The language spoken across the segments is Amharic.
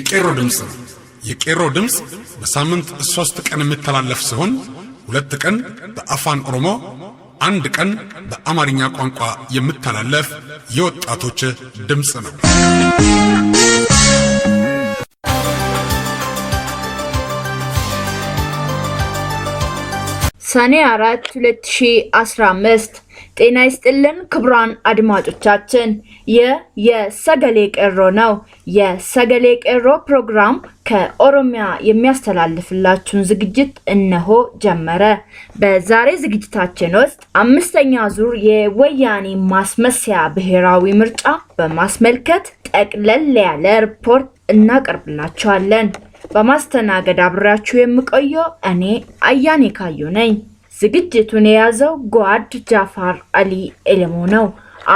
የቄሮ ድምፅ ነው። የቄሮ ድምፅ በሳምንት ሦስት ቀን የሚተላለፍ ሲሆን ሁለት ቀን በአፋን ኦሮሞ፣ አንድ ቀን በአማርኛ ቋንቋ የሚተላለፍ የወጣቶች ድምፅ ነው። ሰኔ አራት 2015 ጤና ይስጥልን ክቡራን አድማጮቻችን፣ ይህ የሰገሌ ቄሮ ነው። የሰገሌ ቄሮ ፕሮግራም ከኦሮሚያ የሚያስተላልፍላችሁን ዝግጅት እነሆ ጀመረ። በዛሬ ዝግጅታችን ውስጥ አምስተኛ ዙር የወያኔ ማስመሰያ ብሔራዊ ምርጫ በማስመልከት ጠቅለል ያለ ሪፖርት እናቀርብላችኋለን። በማስተናገድ አብሬያችሁ የምቆየው እኔ አያኔ ካዩ ነኝ። ዝግጅቱን የያዘው ጓድ ጃፋር አሊ ኤልሞ ነው።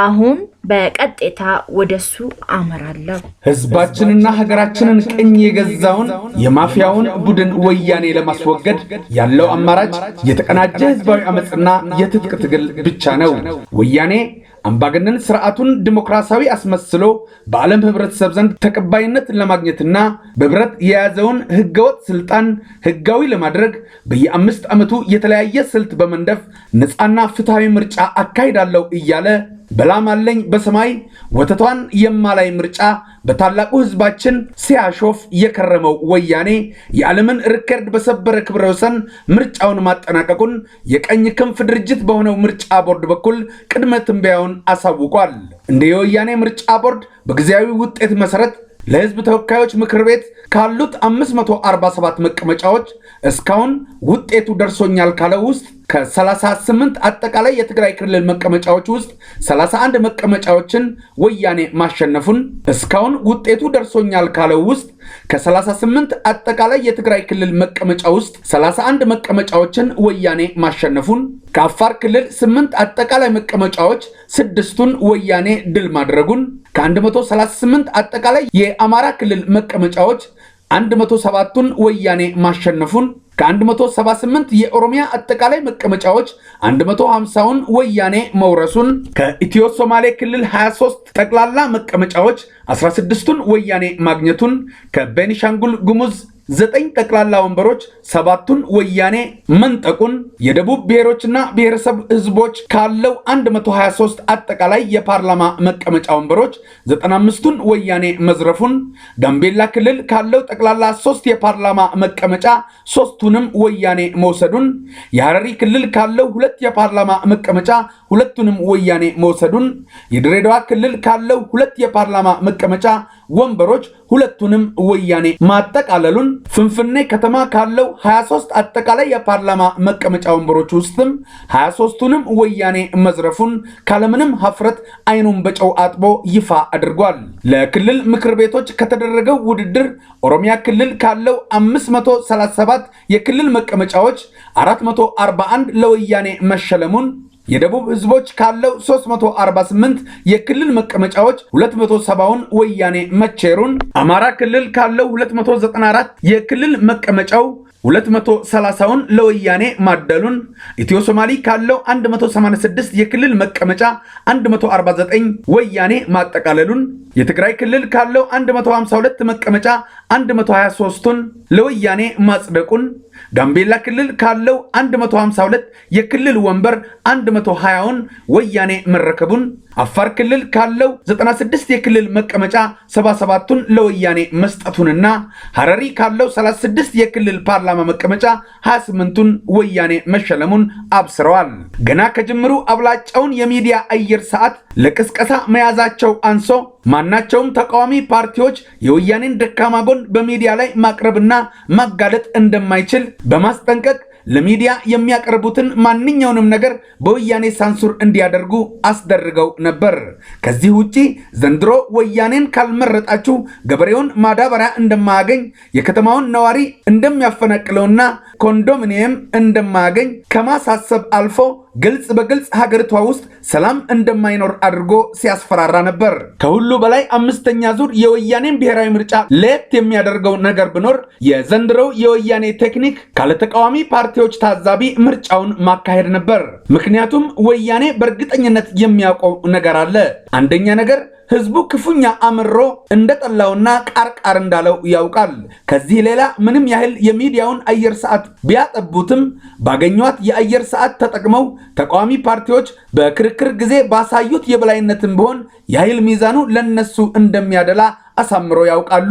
አሁን በቀጥታ ወደሱ አመራለሁ። ህዝባችንና ሀገራችንን ቅኝ የገዛውን የማፊያውን ቡድን ወያኔ ለማስወገድ ያለው አማራጭ የተቀናጀ ህዝባዊ አመፅና የትጥቅ ትግል ብቻ ነው። ወያኔ አምባገነን ስርዓቱን ዲሞክራሲያዊ አስመስሎ በዓለም ህብረተሰብ ዘንድ ተቀባይነትን ለማግኘትና በብረት የያዘውን ህገወጥ ስልጣን ህጋዊ ለማድረግ በየአምስት ዓመቱ የተለያየ ስልት በመንደፍ ነፃና ፍትሐዊ ምርጫ አካሂዳለሁ እያለ በላም አለኝ በሰማይ ወተቷን የማላይ ምርጫ በታላቁ ህዝባችን ሲያሾፍ የከረመው ወያኔ የዓለምን ሪከርድ በሰበረ ክብረ ወሰን ምርጫውን ማጠናቀቁን የቀኝ ክንፍ ድርጅት በሆነው ምርጫ ቦርድ በኩል ቅድመ ትንበያውን አሳውቋል። እንደ የወያኔ ምርጫ ቦርድ በጊዜያዊ ውጤት መሠረት ለህዝብ ተወካዮች ምክር ቤት ካሉት 547 መቀመጫዎች እስካሁን ውጤቱ ደርሶኛል ካለው ውስጥ ከ38 አጠቃላይ የትግራይ ክልል መቀመጫዎች ውስጥ 31 መቀመጫዎችን ወያኔ ማሸነፉን እስካሁን ውጤቱ ደርሶኛል ካለው ውስጥ ከ38 አጠቃላይ የትግራይ ክልል መቀመጫ ውስጥ 31 መቀመጫዎችን ወያኔ ማሸነፉን፣ ከአፋር ክልል 8 አጠቃላይ መቀመጫዎች ስድስቱን ወያኔ ድል ማድረጉን፣ ከ138 አጠቃላይ የአማራ ክልል መቀመጫዎች 107ቱን ወያኔ ማሸነፉን ከ178 የኦሮሚያ አጠቃላይ መቀመጫዎች 150ውን ወያኔ መውረሱን፣ ከኢትዮ ሶማሌ ክልል 23 ጠቅላላ መቀመጫዎች 16ቱን ወያኔ ማግኘቱን፣ ከቤኒሻንጉል ጉሙዝ ዘጠኝ ጠቅላላ ወንበሮች ሰባቱን ወያኔ መንጠቁን የደቡብ ብሔሮችና ብሔረሰብ ህዝቦች ካለው 123 አጠቃላይ የፓርላማ መቀመጫ ወንበሮች 95ቱን ወያኔ መዝረፉን ጋምቤላ ክልል ካለው ጠቅላላ ሶስት የፓርላማ መቀመጫ ሶስቱንም ወያኔ መውሰዱን የሐረሪ ክልል ካለው ሁለት የፓርላማ መቀመጫ ሁለቱንም ወያኔ መውሰዱን የድሬዳዋ ክልል ካለው ሁለት የፓርላማ መቀመጫ ወንበሮች ሁለቱንም ወያኔ ማጠቃለሉን ፍንፍኔ ከተማ ካለው 23 አጠቃላይ የፓርላማ መቀመጫ ወንበሮች ውስጥም 23ቱንም ወያኔ መዝረፉን ካለምንም ሀፍረት አይኑን በጨው አጥቦ ይፋ አድርጓል። ለክልል ምክር ቤቶች ከተደረገው ውድድር ኦሮሚያ ክልል ካለው 537 የክልል መቀመጫዎች 441 ለወያኔ መሸለሙን የደቡብ ህዝቦች ካለው 348 የክልል መቀመጫዎች 270ውን ወያኔ መቼሩን፣ አማራ ክልል ካለው 294 የክልል መቀመጫው 230ውን ለወያኔ ማደሉን፣ ኢትዮ ሶማሊ ካለው 186 የክልል መቀመጫ 149 ወያኔ ማጠቃለሉን፣ የትግራይ ክልል ካለው 152 መቀመጫ 123ቱን ለወያኔ ማጽደቁን ጋምቤላ ክልል ካለው 152 የክልል ወንበር 120ውን ወያኔ መረከቡን፣ አፋር ክልል ካለው 96 የክልል መቀመጫ 77ቱን ለወያኔ መስጠቱንና ሐረሪ ካለው 36 የክልል ፓርላማ መቀመጫ 28ቱን ወያኔ መሸለሙን አብስረዋል። ገና ከጅምሩ አብላጫውን የሚዲያ አየር ሰዓት ለቅስቀሳ መያዛቸው አንሶ ማናቸውም ተቃዋሚ ፓርቲዎች የወያኔን ደካማ ጎን በሚዲያ ላይ ማቅረብና ማጋለጥ እንደማይችል በማስጠንቀቅ ለሚዲያ የሚያቀርቡትን ማንኛውንም ነገር በወያኔ ሳንሱር እንዲያደርጉ አስደርገው ነበር። ከዚህ ውጪ ዘንድሮ ወያኔን ካልመረጣችሁ ገበሬውን ማዳበሪያ እንደማያገኝ፣ የከተማውን ነዋሪ እንደሚያፈናቅለውና ኮንዶሚኒየም እንደማያገኝ ከማሳሰብ አልፎ ግልጽ በግልጽ ሀገሪቷ ውስጥ ሰላም እንደማይኖር አድርጎ ሲያስፈራራ ነበር። ከሁሉ በላይ አምስተኛ ዙር የወያኔን ብሔራዊ ምርጫ ለየት የሚያደርገው ነገር ቢኖር የዘንድሮው የወያኔ ቴክኒክ ካለተቃዋሚ ፓርቲዎች ታዛቢ ምርጫውን ማካሄድ ነበር። ምክንያቱም ወያኔ በእርግጠኝነት የሚያውቀው ነገር አለ። አንደኛ ነገር ህዝቡ ክፉኛ አምሮ እንደጠላውና ቃርቃር እንዳለው ያውቃል። ከዚህ ሌላ ምንም ያህል የሚዲያውን አየር ሰዓት ቢያጠቡትም ባገኟት የአየር ሰዓት ተጠቅመው ተቃዋሚ ፓርቲዎች በክርክር ጊዜ ባሳዩት የበላይነትም ቢሆን የኃይል ሚዛኑ ለነሱ እንደሚያደላ አሳምሮ ያውቃሉ።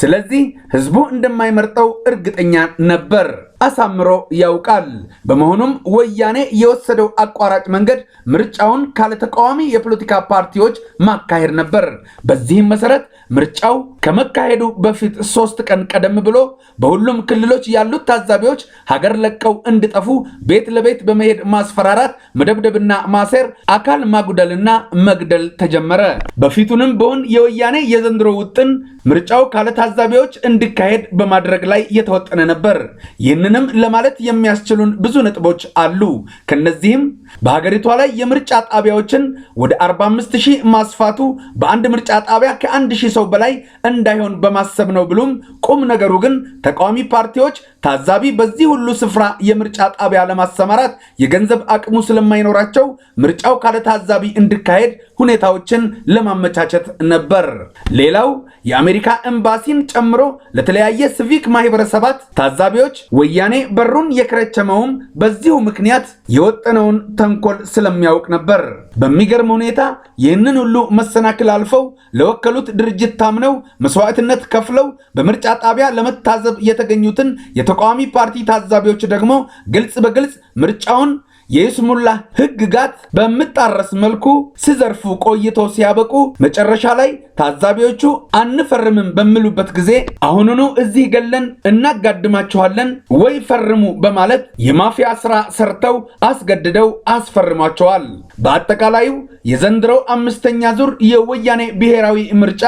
ስለዚህ ህዝቡ እንደማይመርጠው እርግጠኛ ነበር። አሳምሮ ያውቃል። በመሆኑም ወያኔ የወሰደው አቋራጭ መንገድ ምርጫውን ካለተቃዋሚ የፖለቲካ ፓርቲዎች ማካሄድ ነበር። በዚህም መሰረት ምርጫው ከመካሄዱ በፊት ሶስት ቀን ቀደም ብሎ በሁሉም ክልሎች ያሉት ታዛቢዎች ሀገር ለቀው እንዲጠፉ ቤት ለቤት በመሄድ ማስፈራራት፣ መደብደብና ማሴር፣ አካል ማጉደልና መግደል ተጀመረ። በፊቱንም በሆን የወያኔ የዘንድሮ ውጥን ምርጫው ካለታዛቢዎች እንዲካሄድ በማድረግ ላይ የተወጠነ ነበር። ይህን ይህንንም ለማለት የሚያስችሉን ብዙ ነጥቦች አሉ። ከነዚህም በሀገሪቷ ላይ የምርጫ ጣቢያዎችን ወደ 45 ሺህ ማስፋቱ በአንድ ምርጫ ጣቢያ ከአንድ ሺህ ሰው በላይ እንዳይሆን በማሰብ ነው። ብሎም ቁም ነገሩ ግን ተቃዋሚ ፓርቲዎች ታዛቢ በዚህ ሁሉ ስፍራ የምርጫ ጣቢያ ለማሰማራት የገንዘብ አቅሙ ስለማይኖራቸው ምርጫው ካለ ታዛቢ እንዲካሄድ ሁኔታዎችን ለማመቻቸት ነበር። ሌላው የአሜሪካ ኤምባሲን ጨምሮ ለተለያየ ሲቪክ ማህበረሰባት ታዛቢዎች ወያኔ በሩን የከረቸመውም በዚሁ ምክንያት የወጠነውን ተንኮል ስለሚያውቅ ነበር። በሚገርም ሁኔታ ይህንን ሁሉ መሰናክል አልፈው ለወከሉት ድርጅት ታምነው መስዋዕትነት ከፍለው በምርጫ ጣቢያ ለመታዘብ የተገኙትን የተቃዋሚ ፓርቲ ታዛቢዎች ደግሞ ግልጽ በግልጽ ምርጫውን የይስሙላ ህግጋት በምጣረስ መልኩ ሲዘርፉ ቆይቶ ሲያበቁ መጨረሻ ላይ ታዛቢዎቹ አንፈርምም በሚሉበት ጊዜ አሁኑኑ እዚህ ገለን እናጋድማችኋለን ወይ ፈርሙ በማለት የማፊያ ስራ ሰርተው አስገድደው አስፈርሟቸዋል። በአጠቃላዩ የዘንድሮው አምስተኛ ዙር የወያኔ ብሔራዊ ምርጫ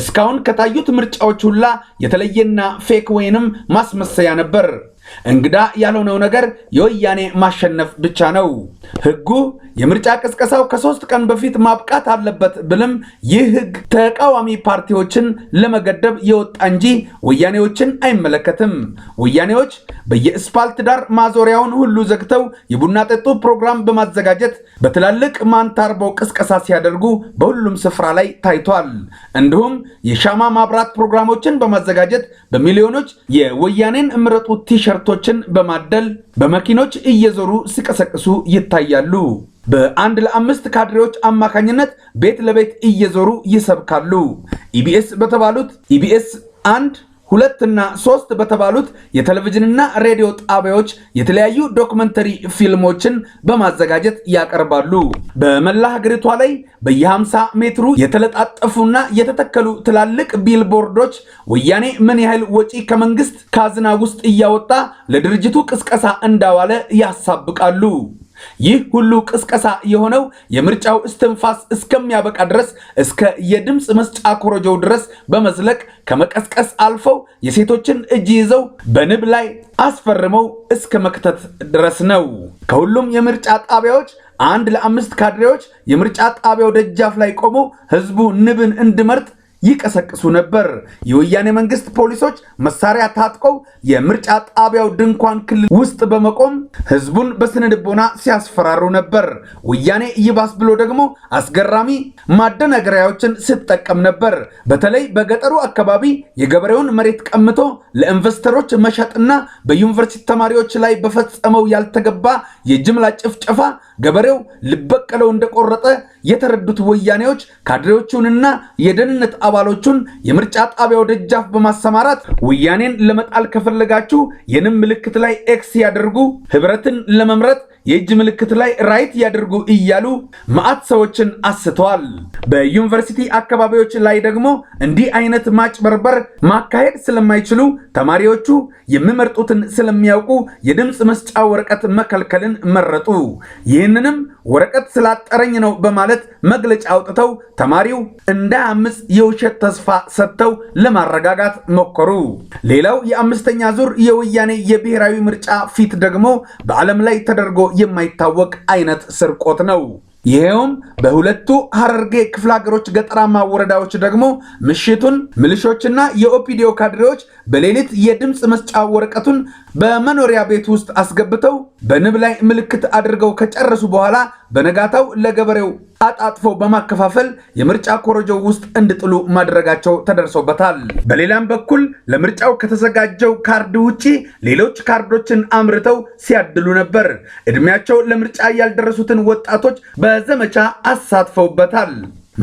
እስካሁን ከታዩት ምርጫዎች ሁላ የተለየና ፌክ ወይንም ማስመሰያ ነበር። እንግዳ ያልሆነው ነገር የወያኔ ማሸነፍ ብቻ ነው። ህጉ የምርጫ ቅስቀሳው ከሶስት ቀን በፊት ማብቃት አለበት ብልም ይህ ህግ ተቃዋሚ ፓርቲዎችን ለመገደብ የወጣ እንጂ ወያኔዎችን አይመለከትም። ወያኔዎች በየስፓልት ዳር ማዞሪያውን ሁሉ ዘግተው የቡና ጠጡ ፕሮግራም በማዘጋጀት በትላልቅ ማንታርቦ ቅስቀሳ ሲያደርጉ በሁሉም ስፍራ ላይ ታይቷል። እንዲሁም የሻማ ማብራት ፕሮግራሞችን በማዘጋጀት በሚሊዮኖች የወያኔን እምረጡ ቲሸርት ከብቶችን በማደል በመኪኖች እየዞሩ ሲቀሰቅሱ ይታያሉ። በአንድ ለአምስት ካድሬዎች አማካኝነት ቤት ለቤት እየዞሩ ይሰብካሉ። ኢቢኤስ በተባሉት ኢቢኤስ አንድ ሁለትና ሶስት በተባሉት የቴሌቪዥንና ሬዲዮ ጣቢያዎች የተለያዩ ዶክመንተሪ ፊልሞችን በማዘጋጀት ያቀርባሉ። በመላ ሀገሪቷ ላይ በየ50 ሜትሩ የተለጣጠፉና የተተከሉ ትላልቅ ቢልቦርዶች ወያኔ ምን ያህል ወጪ ከመንግስት ካዝና ውስጥ እያወጣ ለድርጅቱ ቅስቀሳ እንዳዋለ ያሳብቃሉ። ይህ ሁሉ ቅስቀሳ የሆነው የምርጫው እስትንፋስ እስከሚያበቃ ድረስ እስከ የድምፅ መስጫ ኮረጆው ድረስ በመዝለቅ ከመቀስቀስ አልፈው የሴቶችን እጅ ይዘው በንብ ላይ አስፈርመው እስከ መክተት ድረስ ነው። ከሁሉም የምርጫ ጣቢያዎች አንድ ለአምስት ካድሬዎች የምርጫ ጣቢያው ደጃፍ ላይ ቆመው ህዝቡ ንብን እንድመርጥ ይቀሰቅሱ ነበር። የወያኔ መንግስት ፖሊሶች መሳሪያ ታጥቀው የምርጫ ጣቢያው ድንኳን ክልል ውስጥ በመቆም ህዝቡን በስነ ልቦና ሲያስፈራሩ ነበር። ወያኔ ይባስ ብሎ ደግሞ አስገራሚ ማደናገሪያዎችን ስትጠቀም ነበር። በተለይ በገጠሩ አካባቢ የገበሬውን መሬት ቀምቶ ለኢንቨስተሮች መሸጥና በዩኒቨርሲቲ ተማሪዎች ላይ በፈጸመው ያልተገባ የጅምላ ጭፍጨፋ ገበሬው ልበቀለው እንደቆረጠ የተረዱት ወያኔዎች ካድሬዎቹንና የደህንነት አባሎቹን የምርጫ ጣቢያው ደጃፍ በማሰማራት ወያኔን ለመጣል ከፈለጋችሁ የንም ምልክት ላይ ኤክስ ያደርጉ፣ ህብረትን ለመምረጥ የእጅ ምልክት ላይ ራይት ያድርጉ እያሉ መዓት ሰዎችን አስተዋል። በዩኒቨርሲቲ አካባቢዎች ላይ ደግሞ እንዲህ አይነት ማጭበርበር ማካሄድ ስለማይችሉ ተማሪዎቹ የሚመርጡትን ስለሚያውቁ የድምፅ መስጫ ወረቀት መከልከልን መረጡ። ይህንንም ወረቀት ስላጠረኝ ነው በማለት መግለጫ አውጥተው ተማሪው እንዳያምፅ የውሸት ተስፋ ሰጥተው ለማረጋጋት ሞከሩ። ሌላው የአምስተኛ ዙር የወያኔ የብሔራዊ ምርጫ ፊት ደግሞ በዓለም ላይ ተደርጎ የማይታወቅ አይነት ስርቆት ነው። ይኸውም በሁለቱ ሐረርጌ ክፍለ ሀገሮች ገጠራማ ወረዳዎች ደግሞ ምሽቱን ምልሾችና የኦፒዲዮ ካድሬዎች በሌሊት የድምፅ መስጫ ወረቀቱን በመኖሪያ ቤት ውስጥ አስገብተው በንብ ላይ ምልክት አድርገው ከጨረሱ በኋላ በነጋታው ለገበሬው አጣጥፎ በማከፋፈል የምርጫ ኮረጆ ውስጥ እንዲጥሉ ማድረጋቸው ተደርሶበታል። በሌላም በኩል ለምርጫው ከተዘጋጀው ካርድ ውጪ ሌሎች ካርዶችን አምርተው ሲያድሉ ነበር። እድሜያቸው ለምርጫ ያልደረሱትን ወጣቶች በዘመቻ አሳትፈውበታል።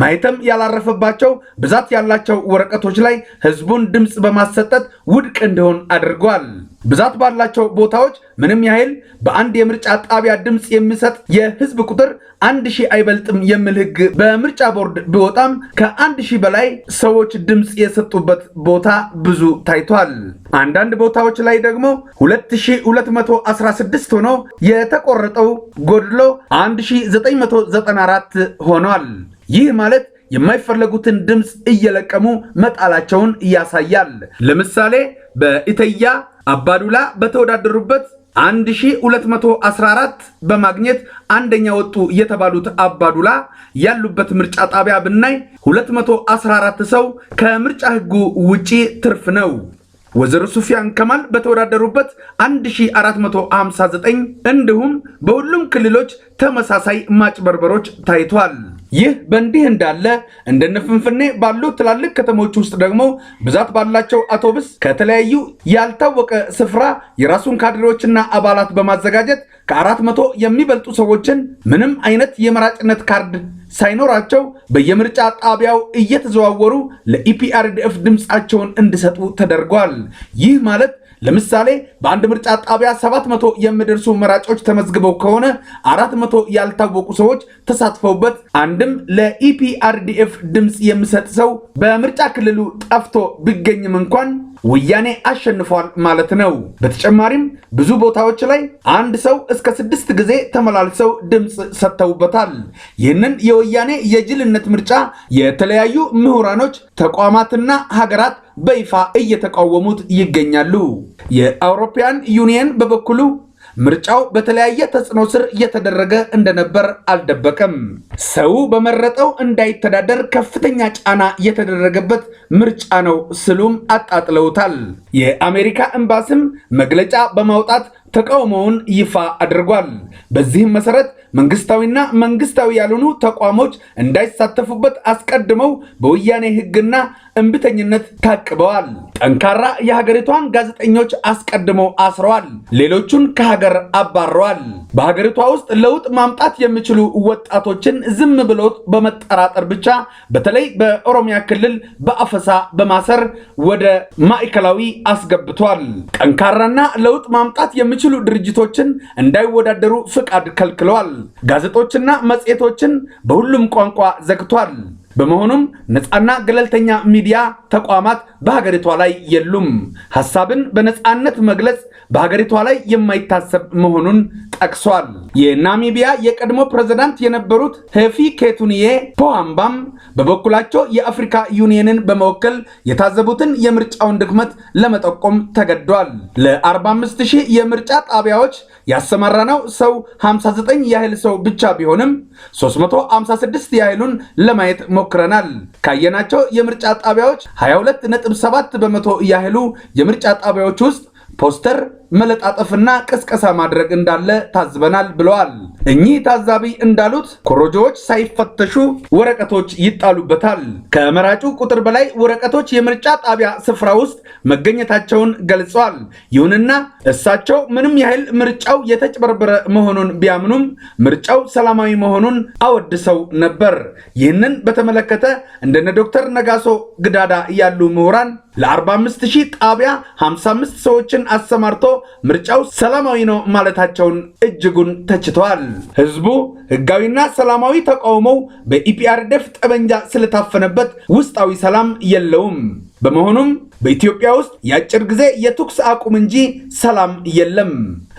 ማየትም ያላረፈባቸው ብዛት ያላቸው ወረቀቶች ላይ ህዝቡን ድምፅ በማሰጠት ውድቅ እንዲሆን አድርጓል። ብዛት ባላቸው ቦታዎች ምንም ያህል በአንድ የምርጫ ጣቢያ ድምፅ የሚሰጥ የህዝብ ቁጥር አንድ ሺህ አይበልጥም የሚል ህግ በምርጫ ቦርድ ቢወጣም ከአንድ ሺህ በላይ ሰዎች ድምፅ የሰጡበት ቦታ ብዙ ታይቷል። አንዳንድ ቦታዎች ላይ ደግሞ 2216 ሆኖ የተቆረጠው ጎድሎ 1994 ሆኗል። ይህ ማለት የማይፈለጉትን ድምፅ እየለቀሙ መጣላቸውን ያሳያል። ለምሳሌ በኢተያ አባዱላ በተወዳደሩበት 1214 በማግኘት አንደኛ ወጡ የተባሉት አባዱላ ያሉበት ምርጫ ጣቢያ ብናይ 214 ሰው ከምርጫ ሕጉ ውጪ ትርፍ ነው። ወይዘሮ ሱፊያን ከማል በተወዳደሩበት 1459 እንዲሁም በሁሉም ክልሎች ተመሳሳይ ማጭበርበሮች ታይቷል። ይህ በእንዲህ እንዳለ እንደነ ፍንፍኔ ባሉ ትላልቅ ከተሞች ውስጥ ደግሞ ብዛት ባላቸው አውቶብስ ከተለያዩ ያልታወቀ ስፍራ የራሱን ካድሬዎችና አባላት በማዘጋጀት ከአራት መቶ የሚበልጡ ሰዎችን ምንም አይነት የመራጭነት ካርድ ሳይኖራቸው በየምርጫ ጣቢያው እየተዘዋወሩ ለኢፒአርዲኤፍ ድምፃቸውን እንዲሰጡ ተደርጓል። ይህ ማለት ለምሳሌ በአንድ ምርጫ ጣቢያ 700 የሚደርሱ መራጮች ተመዝግበው ከሆነ 400 ያልታወቁ ሰዎች ተሳትፈውበት አንድም ለኢፒአርዲኤፍ ድምፅ የሚሰጥ ሰው በምርጫ ክልሉ ጠፍቶ ቢገኝም እንኳን ወያኔ አሸንፏል ማለት ነው። በተጨማሪም ብዙ ቦታዎች ላይ አንድ ሰው እስከ ስድስት ጊዜ ተመላልሰው ድምፅ ሰጥተውበታል። ይህንን የወያኔ የጅልነት ምርጫ የተለያዩ ምሁራኖች፣ ተቋማትና ሀገራት በይፋ እየተቃወሙት ይገኛሉ። የአውሮፓያን ዩኒየን በበኩሉ ምርጫው በተለያየ ተጽዕኖ ስር እየተደረገ እንደነበር አልደበቀም። ሰው በመረጠው እንዳይተዳደር ከፍተኛ ጫና የተደረገበት ምርጫ ነው ስሉም አጣጥለውታል። የአሜሪካ ኤምባሲም መግለጫ በማውጣት ተቃውሞውን ይፋ አድርጓል። በዚህም መሰረት መንግስታዊና መንግስታዊ ያልሆኑ ተቋሞች እንዳይሳተፉበት አስቀድመው በወያኔ ሕግና እምብተኝነት ታቅበዋል። ጠንካራ የሀገሪቷን ጋዜጠኞች አስቀድመው አስረዋል። ሌሎቹን ከሀገር አባረዋል። በሀገሪቷ ውስጥ ለውጥ ማምጣት የሚችሉ ወጣቶችን ዝም ብሎት በመጠራጠር ብቻ በተለይ በኦሮሚያ ክልል በአፈሳ በማሰር ወደ ማዕከላዊ አስገብቷል። ጠንካራና ለውጥ ማምጣት የሚችሉ ድርጅቶችን እንዳይወዳደሩ ፍቃድ ከልክለዋል። ጋዜጦችና መጽሔቶችን በሁሉም ቋንቋ ዘግቷል። በመሆኑም ነፃና ገለልተኛ ሚዲያ ተቋማት በሀገሪቷ ላይ የሉም። ሀሳብን በነፃነት መግለጽ በሀገሪቷ ላይ የማይታሰብ መሆኑን ጠቅሷል። የናሚቢያ የቀድሞ ፕሬዝዳንት የነበሩት ሄፊ ኬቱኒዬ ፖሃምባም በበኩላቸው የአፍሪካ ዩኒየንን በመወከል የታዘቡትን የምርጫውን ድክመት ለመጠቆም ተገዷል። ለ45 ሺህ የምርጫ ጣቢያዎች ያሰማራነው ሰው 59 ያህል ሰው ብቻ ቢሆንም 356 ያህሉን ለማየት ሞክረናል። ካየናቸው የምርጫ ጣቢያዎች 22.7 በመቶ እያህሉ የምርጫ ጣቢያዎች ውስጥ ፖስተር መለጣጠፍና ቅስቀሳ ማድረግ እንዳለ ታዝበናል ብለዋል። እኚህ ታዛቢ እንዳሉት ኮሮጆዎች ሳይፈተሹ ወረቀቶች ይጣሉበታል። ከመራጩ ቁጥር በላይ ወረቀቶች የምርጫ ጣቢያ ስፍራ ውስጥ መገኘታቸውን ገልጸዋል። ይሁንና እሳቸው ምንም ያህል ምርጫው የተጭበርበረ መሆኑን ቢያምኑም ምርጫው ሰላማዊ መሆኑን አወድሰው ነበር። ይህንን በተመለከተ እንደነ ዶክተር ነጋሶ ግዳዳ ያሉ ምሁራን ለ45 ሺህ ጣቢያ 55 ሰዎችን አሰማርቶ ምርጫው ሰላማዊ ነው ማለታቸውን እጅጉን ተችተዋል። ህዝቡ ህጋዊና ሰላማዊ ተቃውሞው በኢፒአርዴፍ ጠመንጃ ስለታፈነበት ውስጣዊ ሰላም የለውም። በመሆኑም በኢትዮጵያ ውስጥ የአጭር ጊዜ የተኩስ አቁም እንጂ ሰላም የለም።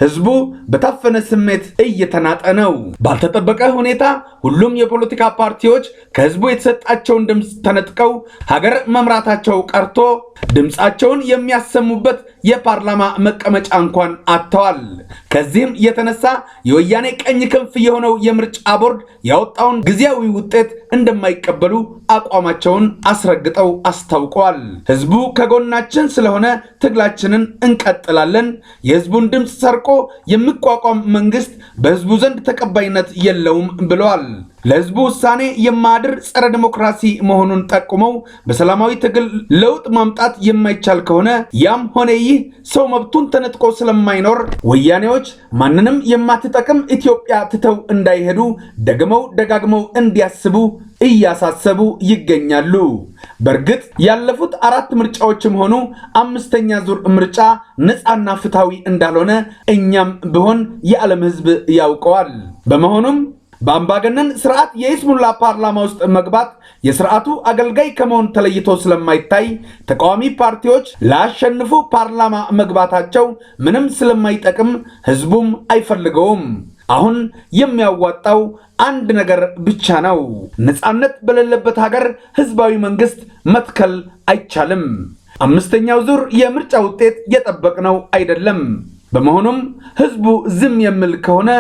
ህዝቡ በታፈነ ስሜት እየተናጠ ነው። ባልተጠበቀ ሁኔታ ሁሉም የፖለቲካ ፓርቲዎች ከህዝቡ የተሰጣቸውን ድምፅ ተነጥቀው ሀገር መምራታቸው ቀርቶ ድምፃቸውን የሚያሰሙበት የፓርላማ መቀመጫ እንኳን አጥተዋል። ከዚህም የተነሳ የወያኔ ቀኝ ክንፍ የሆነው የምርጫ ቦርድ ያወጣውን ጊዜያዊ ውጤት እንደማይቀበሉ አቋማቸውን አስረግጠው አስታውቀዋል። ህዝቡ ከ ከጎናችን ስለሆነ ትግላችንን እንቀጥላለን። የህዝቡን ድምፅ ሰርቆ የሚቋቋም መንግስት በህዝቡ ዘንድ ተቀባይነት የለውም ብለዋል። ለህዝቡ ውሳኔ የማድር ጸረ ዲሞክራሲ መሆኑን ጠቁመው በሰላማዊ ትግል ለውጥ ማምጣት የማይቻል ከሆነ ያም ሆነ ይህ ሰው መብቱን ተነጥቆ ስለማይኖር ወያኔዎች ማንንም የማትጠቅም ኢትዮጵያ ትተው እንዳይሄዱ ደግመው ደጋግመው እንዲያስቡ እያሳሰቡ ይገኛሉ። በእርግጥ ያለፉት አራት ምርጫዎችም ሆኑ አምስተኛ ዙር ምርጫ ነፃና ፍትሐዊ እንዳልሆነ እኛም ብሆን የዓለም ህዝብ ያውቀዋል። በመሆኑም በአምባገነን ስርዓት የሂዝቡላ ፓርላማ ውስጥ መግባት የስርዓቱ አገልጋይ ከመሆን ተለይቶ ስለማይታይ ተቃዋሚ ፓርቲዎች ላሸንፉ ፓርላማ መግባታቸው ምንም ስለማይጠቅም ህዝቡም አይፈልገውም። አሁን የሚያዋጣው አንድ ነገር ብቻ ነው። ነፃነት በሌለበት ሀገር ህዝባዊ መንግስት መትከል አይቻልም። አምስተኛው ዙር የምርጫ ውጤት የጠበቅነው አይደለም። በመሆኑም ህዝቡ ዝም የሚል ከሆነ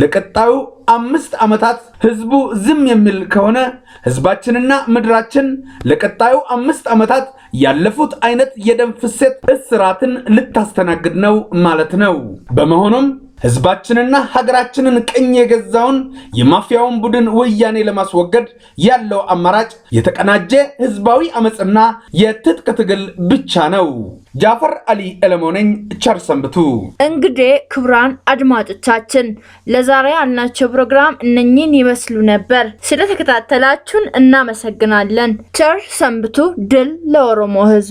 ለቀጣዩ አምስት ዓመታት ህዝቡ ዝም የሚል ከሆነ ህዝባችንና ምድራችን ለቀጣዩ አምስት ዓመታት ያለፉት አይነት የደም ፍሰት እስራትን ልታስተናግድ ነው ማለት ነው። በመሆኑም ህዝባችንና ሀገራችንን ቅኝ የገዛውን የማፊያውን ቡድን ወያኔ ለማስወገድ ያለው አማራጭ የተቀናጀ ህዝባዊ አመፅና የትጥቅ ትግል ብቻ ነው። ጃፈር አሊ ኤለሞ ነኝ። ቸር ሰንብቱ። እንግዲህ ክቡራን አድማጮቻችን ለዛሬ ያልናቸው ፕሮግራም እነኚህን ይመስሉ ነበር። ስለተከታተላችሁን እናመሰግናለን። ቸር ሰንብቱ። ድል ለኦሮሞ ህዝብ።